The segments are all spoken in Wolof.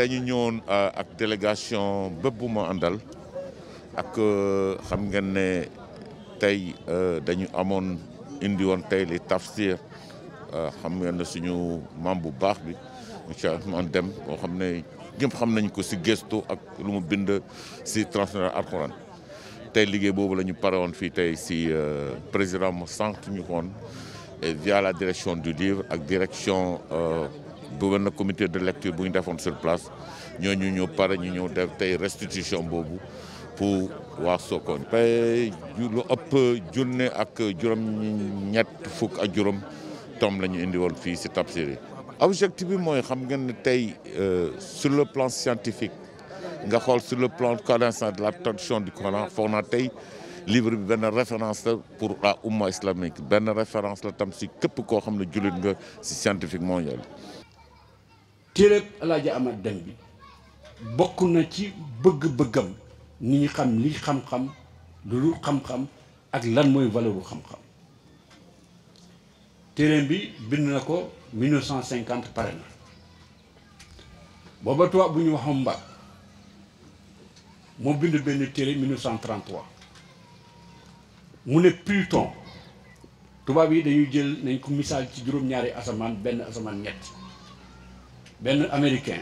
dañu ñëwoon euh, ak délégation bépp Andal. ma àndal ak euh, xam ngeen ne tey euh, dañu indi won tay li tafsir xam nga ne suñu mam bu baax bi monsieur Ousmane Deme boo xam ne xam nañ ko si gesto, ak lu mu bind si transfert al tey liggéey boobu la ñu pare fi tay ci si président mo sant ñu et via la direction du livre ak direction bëggoon le comité de lecture bu ñu defoon sur place ñooñu ñu pare ñu ñëw def tey restitution boobu pour waa Sokone. tey lu ëpp junne ak juróom-ñett fukk ak juróom tom la ñu indi woon fii si Tapsiri. objectif bi mooy xam ngeen ne euh, sur le plan scientifique nga xool sur le plan connaissance de la traduction du Coran foog naa livre bi référence pour la umma islamique benn référence la tam si képp koo xam ne jullit nga si scientifique mondial téereeb alaaji amat dem bi bokk na ci bëgg-bëggam ni xam li xam-xam lu xam-xam ak lan mooy valeuru xam-xam téereem bi bind na ko 1950 pare na booba tubaab bu ñu waxoon mbag moo bind benn téere 1933 mu ne Pluton tubaab yi dañuy jël nañ ko misaal ci juróom-ñaari asamaan benn asamaan ñett Ben américain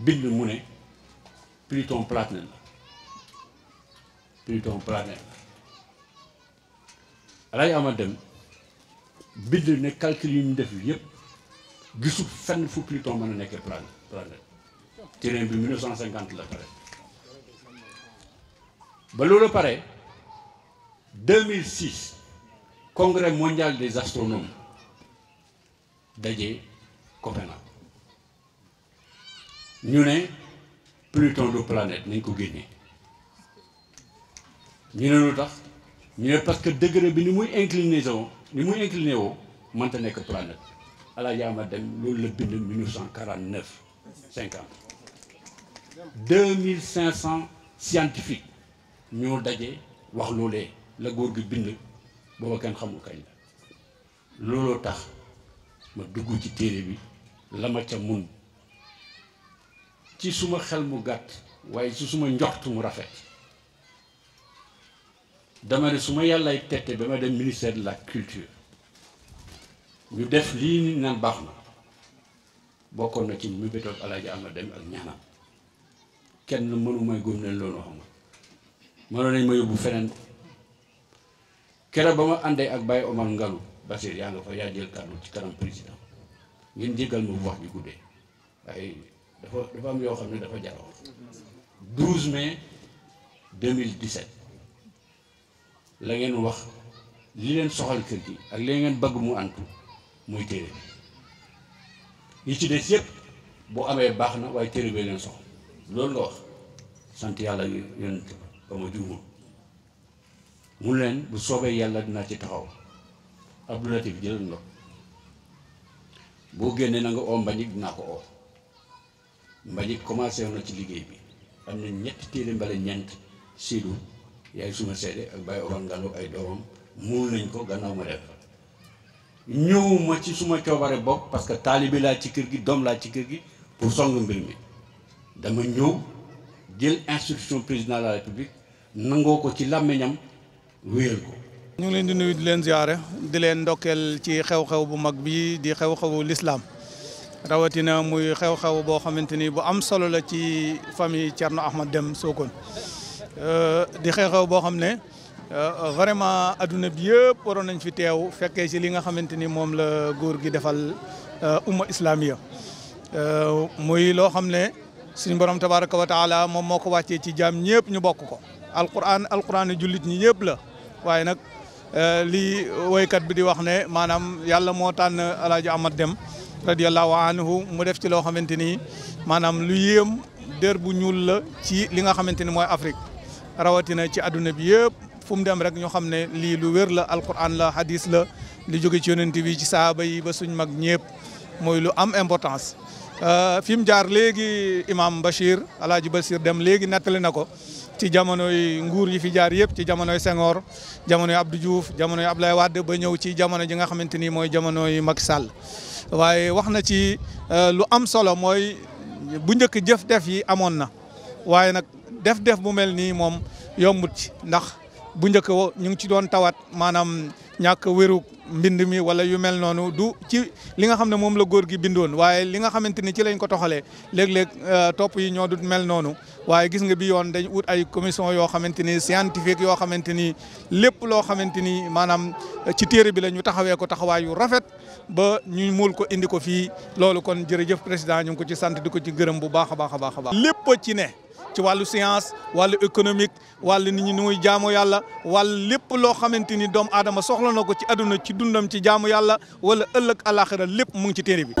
bind mu ne Pluton platine la Pluton platine la y a Dem bind ne calcul yi def yépp gisul fenn fu Pluton mën a nekkee planète planète terrain bi 1950 la pare ba loolu pare 2006 congrès mondial des astronomes daje Copenhague nous de Pluton du planète de ko avons Nous ne lu tax parce que degré bi ni incliné de incliné planète ala dem loolu Nous 1949 50 2500 scientifiques, nous ont wax loolee la góor Nous avons booba xamul kañ la looloo tax ma dugg la ci suma xel mu gàtt waaye ci suma njort mu rafet dama ne suma ma yàllaay tette ba ma dem ministère de la culture ñu def lii ni naan baax na bokkoon na ci mébétoog alaaji am na dem ak ñaanam kenn mënu may góom leen loolu xam nga mënoon nañ ma yóbbu feneen keroog ba ma àndee ak Baye Omar Ngalu Basir yaa nga fa yaa jël ci kanam président ngeen jéggal ma bu wax ji guddee waaye dafa dafa am yoo xam ne dafa jaroo 12 mai 2017 la ngeen wax li leen soxal kër gi ak li ngeen bëgg mu antu muy téere bi yi ci des yëpp boo amee baax na waaye téere bee leen soxal loolu nga wax sant yàlla yonent ba ma juuma mu leen bu soobee yàlla dinaa ci taxaw Abdou Latif jëlal nga boo génnee na nga oo mbañik dinaa ko oo mbalit commencé woon na ci liggéey bi am na ñetti téere mbala ñeent siidu yaay suma seede ak Baye Omar ay doomam muul lañ ko gannaaw ma def ñëwuma ci suma coobare bopp parce que taalibi laa ci kër gi doom laa ci kër gi pour song mbir mi dama ñëw jël instruction président de la république nangoo ko ci làmmiñam wéyal ko ñu ngi leen di nuyu di leen ziyaare di leen ndokkeel ci xew-xew bu mag bi di xew-xewu lislaam rawatina muy xew-xew boo xamante ni bu am solo la ci famille Thierno Ahmed Deme Sokone euh, di xew-xew boo xam ne euh, vraiment adduna bi yëpp waroon nañ fi teew fekkee si li nga xamante ni moom la góor gi defal euh, umma islamiya muy loo xam ne suñu borom tabaraka wa taala moom moo ko wàccee ci jaam ñëpp ñu bokk ko alquran alquran jullit ñi ñëpp la waaye nag lii woykat bi di wax ne maanaam yàlla moo tànn alaaji dem radiallahu anhu mu def ci loo xamante ni maanaam lu yéem dër bu ñuul la ci li nga xamante ni mooy Afrique rawatina ci adduna bi yëpp fu mu dem rek ñu xam ne lii lu wér la alquran la hadis la li jóge ci yonent bi ci saaba yi ba suñ mag ñëpp mooy lu am importance fi mu jaar léegi imam Bachir alaaji Bachir dem léegi nettali na ko ci jamonoy nguur yi fi jaar yëpp ci jamonoy Senghor jamonoy Abdou Diouf jamonoy Abdoulaye Wade ba ñëw ci jamono ji nga xamante ni mooy jamonoy Macky Sall waaye wax na ci euh, lu am solo mooy bu njëkk jëf-def yi amoon na waaye nag def-def bu mel nii moom yombut ci ndax bu njëkk ñu ngi ci doon tawat maanaam ñàkk wérug mbind mi wala yu mel noonu du ci li nga xam ne moom la góor gi bindoon waaye li nga xamante ni ci lañ ko toxalee léeg-léeg euh, topp yi ñoo du mel noonu waaye gis nga bi yoon dañ ut ay commission yoo xamante ni scientifique yoo xamante ni lépp loo xamante ni maanaam ci téere bi la ñu taxawee ko taxawaay yu rafet ba ñu muul ko indi ko fii loolu kon jërëjëf président ñu ngi ko ci sant di ko ci gërëm bu baax a baax a baax a baax lépp ci ne ci wàllu science wàllu économique wàllu nit ñi nu dundam ci jaamu yàlla wala ëllëg àlaxira lépp mu ngi ci téere bi